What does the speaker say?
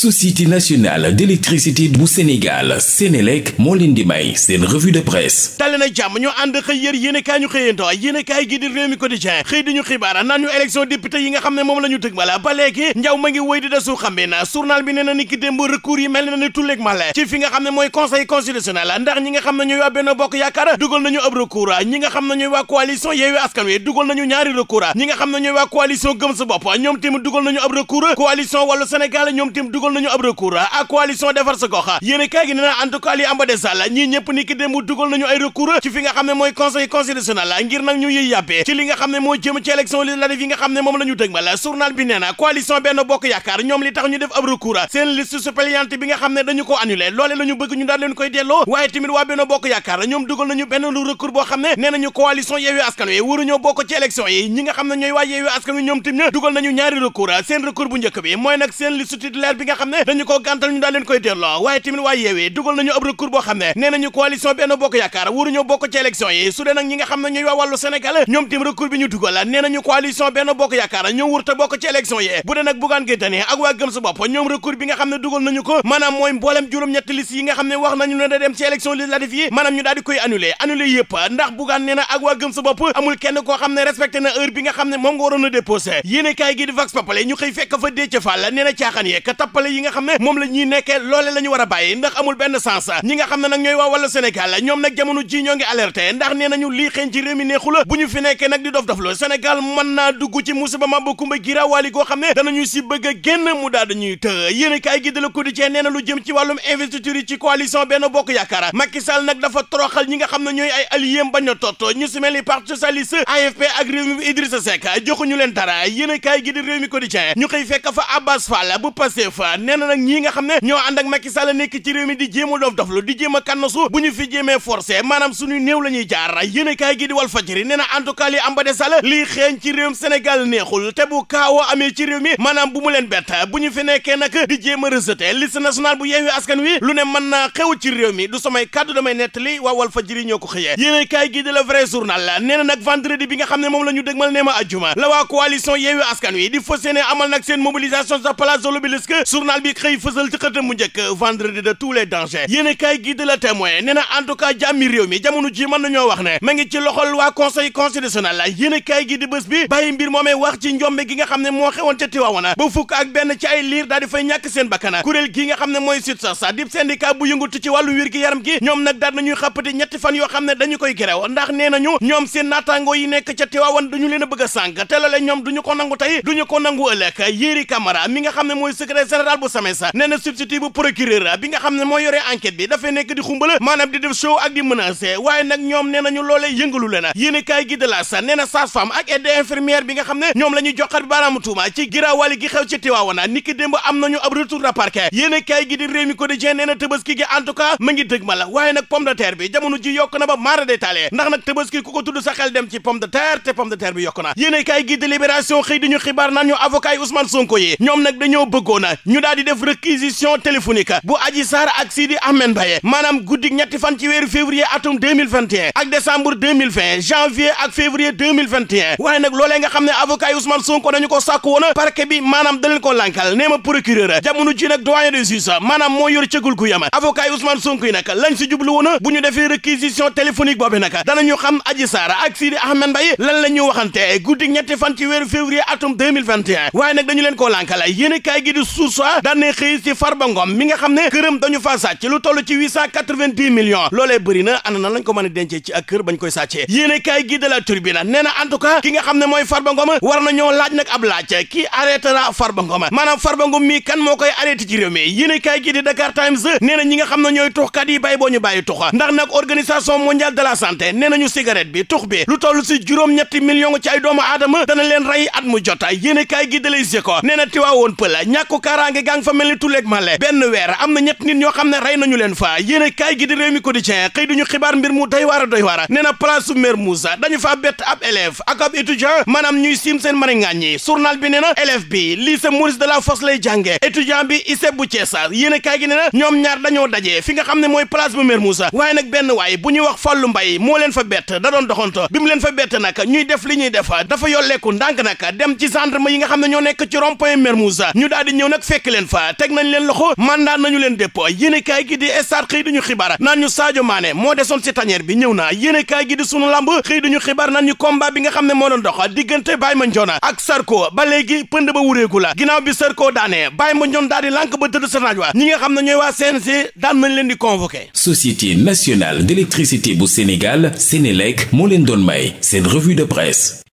société nationale d'électricité bu Sénégal Sénélec moo leen di may seen revue de presse dali na jàmm ñu ànd xëy yër yéen i kaay ñu xëyantoo yéen i kaay gi di réew mi quotidien xëy di ñu xibaar naan ñu élection député yi nga xam ne moom la ñu dëgmal ba léegi njaw ma ngi wéy di desu xambe na journal bi nee ki démb recours mel na ni tulleeg male ci fi nga xam ne mooy conseil constitutionnel ndax ñi nga xam ne ñooy waa Benno Bokk Yaakaar dugal nañu ab recours ñi amal nañu ab a ah ak defar sa gox ah. yéen gi nee na en tout ñii ñëpp ni ki démb dugal nañu ay recours ci xam ne mooy conseil constitutionnel ah ngir nag ñu yëy yàppee ci li nga xam ne moo jëm ci élection législative xam ne moom la ñu dëgmal journal bi nee na coalition benn bokk yaakaar ñoom li tax ñu def ab recours seen liste bi nga xam ne dañu ko annulé loole la ñu ñu daal koy delloo waaye tamit waa benn bokk bokk ci ñoom tim xam ne dañu ko gàntal ñu daal leen koy delloo waaye tamit waa yeewee dugal nañu ab recours boo xam ne nee nañu coalition benn bokk yaakaar waruñoo bokk ci élection yi su dee nag nga xam ne ñooy waa wàllu Sénégal ñoom tim recours bi ñu dugal nee nañu coalition benn bokk yaakaar ñoo wurta bokk ci élection yi bu dee nag Bougane Gueye gëm sa bopp ñoom bi nga xam ne dugal nañu ko maanaam mooy mboolem juróom-ñetti liste yi nga xam ne wax nañu ne da dem ci élection kenn koo xam ne respecté yi nga xam ne moom la ñuy nekkee loole la ñu war a bàyyi ndax amul benn sens ñi nga xam ne nag ñooy waa wàllu Sénégal ñoom nag jamono ji ñoo ngi alerté ndax nee nañu lii xeeñ ci réew mi bu ñu fi nag di dof doflu Sénégal mën naa dugg ci musiba ma ba kumba giraawaali goo xam ne danañu si bëgg a génn mu daal të yéen i kaay gi di la quotidien nee na lu jëm ci wàllum investiture yi ci coalition benn bokk yaakaar Macky nag dafa toroxal ñi nga ne ñooy ay alliés bañ a tot gi di réew mi quotidien nee na nag ñii nga xam ne ñoo ànd ak Macky Sall nekk ci réew mi di jéem a dof dof lu di kan a kannasu bu ñu fi jéemee forcé maanaam suñu néew la ñuy jaar yéene kaay gi di wal Fadjri nee na en tout cas li am ba de Sall lii xeeñ ci réewum Sénégal neexul te bu kaawoo amee ci réew mi maanaam bu mu leen bett bu ñu fi nekkee nag di jéem a rejeté liste nationale bu Yewwi Askan Wi lu ne mën naa xew ci réew mi du samay kàddu damay nettali waa Walf Fadjri ñoo ko xëyee yéene kaay gi di la vrai nee na bi nga xam ne moom la ñu dëgmal nee ma ajjuma la waa coalition Yewwi Askan Wi di fas yéene amal nag seen mobilisation sa place de l'Obélisque journal bi xëy fësal ci xëtam en tout cas jàmmi jamono ji nañoo wax ne ma ngi ci loxol waa conseil constitutionnel la yéene gi di bés bi bàyyi mbir moomee wax ci gi nga xam ne moo xewoon ca Tiwaawana ba fukk ak benn ci ay liir daal di fay ñàkk seen bakkana kuréel gi nga xam ne mooy SUTSAS dib syndicat bu yëngatu ci wàllu wér gi yaram gi ñoom nag daal nañuy xappati ñetti fan yoo xam ne dañu koy gerew ndax nee nañu ñoom seen naataangoo yi nekk ca Tiwaawan dañu leen a bëgg a sànk te lale ñoom duñu ko nangu tey duñu ko nangu ëllëg Yéri Camara mi nga xam ne mooy secrétaire général général bu SAMES nee na substitut bu procureur bi nga xam ne moo yoree bi dafay nekk di xumbala maanaam di def show ak di waaye nag ñoom nee nañu loolee yëngalu le na yéen gi de la sa nee na sage-femme ak xam ne ñoom la ñuy joxat bi baaraamu tuuma ci giraawaali gi xew ci Tiwaawana niki démb am nañu ab retour de parquet yéen i gi di Rewmi Quotidien nee na Tabaski gi en tout cas waaye nag pomme de terre bi jamono ji ñu def réquisition téléphonique bu Adji Sarr ak Sidi Ahmed Mbaye maanaam guddi ñetti fan ci weeru février atum 2021 ak décembre janvier ak février 2021 waaye nag loolee nga xam ne avocat yi Ousmane Sonko nañu ko sàkk woon parquet bi maanaam da leen ko lànkal nee ma procureur jamono ji nag doyen des juges maanaam moo yor cëgul yama avocat yi Ousmane Sonko lañ si jublu woon bu ñu defee réquisition téléphonique boobu nag danañu xam ñu waxante guddi ñetti fan Ba daan ne xëy si Farba mi nga xam ne këram dañu faa sàcc lu toll ci 890 millions loolee bëri na ana nan ko mën a ci ak kër bañ koy sàccee yéene kaay gi de la nee na en ki nga xam ne mooy Farba Ngom war na ñoo laaj nag ab laaj kii arrêtera Farba Ngom maanaam Farba Ngom mii kan moo koy arrêté mi yéene kaay gi di Dakar Times nee na ñi nga xam ne ñooy ñu bàyyi bi tux bi lu toll si juróom-ñetti millions ci ay doomu aadama dagg gang fa mel ni tulleeg male benn weer am na ñett nit ñoo xam ne rey nañu leen fa yéen a kaay gi di réew mi quotidien xëy duñu xibaar mbir mu doy waar a doy waar nee na place su mère dañu faa bett ab élève ak ab étudiant ñuy siim seen maringaañ yi a kaay gi nee na ñoom ñaar dañoo daje fi nga xam ne mooy place bu mère Moussa waaye nag benn waay bu ñuy wax Fallou Mbaye moo leen fa bett da doon doxanto leen fa bett nag ñuy def li ñuy def dafa yolleeku ndànk nag dem ci gendarme leen fa teg nañ leen loxo mandat nañu leen dépôt yéene kaay gi di Stades xëy duñu xibaar naan ñu Sadio Mané moo desoon si tanière bi ñëw na yéene kaay gi di sunu lamb xëy duñu xibaar naan ñu combat bi nga xam ne moo doon dox diggante Baye Mandione ak Sarko ba léegi pënd ba wuréegu la ginnaaw bi Sarko daane Baye Mandione daal di lànk ba tëdd sa naaj wa ñi nga xam ne ñooy waa CNG daan nañ leen di convoqué Société nationale d'électricité bu Sénégal Sénélec moo leen doon may seen revue de presse